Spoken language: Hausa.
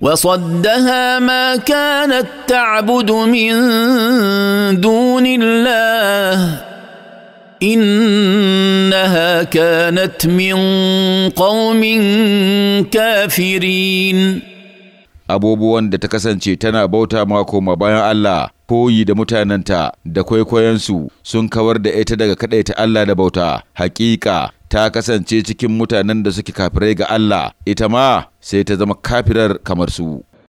وصدها ما كانت تعبد من دون الله انها كانت من قوم كافرين abubuwan da ta kasance tana bauta mako ma bayan Allah koyi da mutanenta da kwaikwayonsu sun kawar da ita daga ta Allah da bauta hakika ta kasance cikin mutanen da suke kafirai ga Allah ita ma sai ta zama kafirar kamar su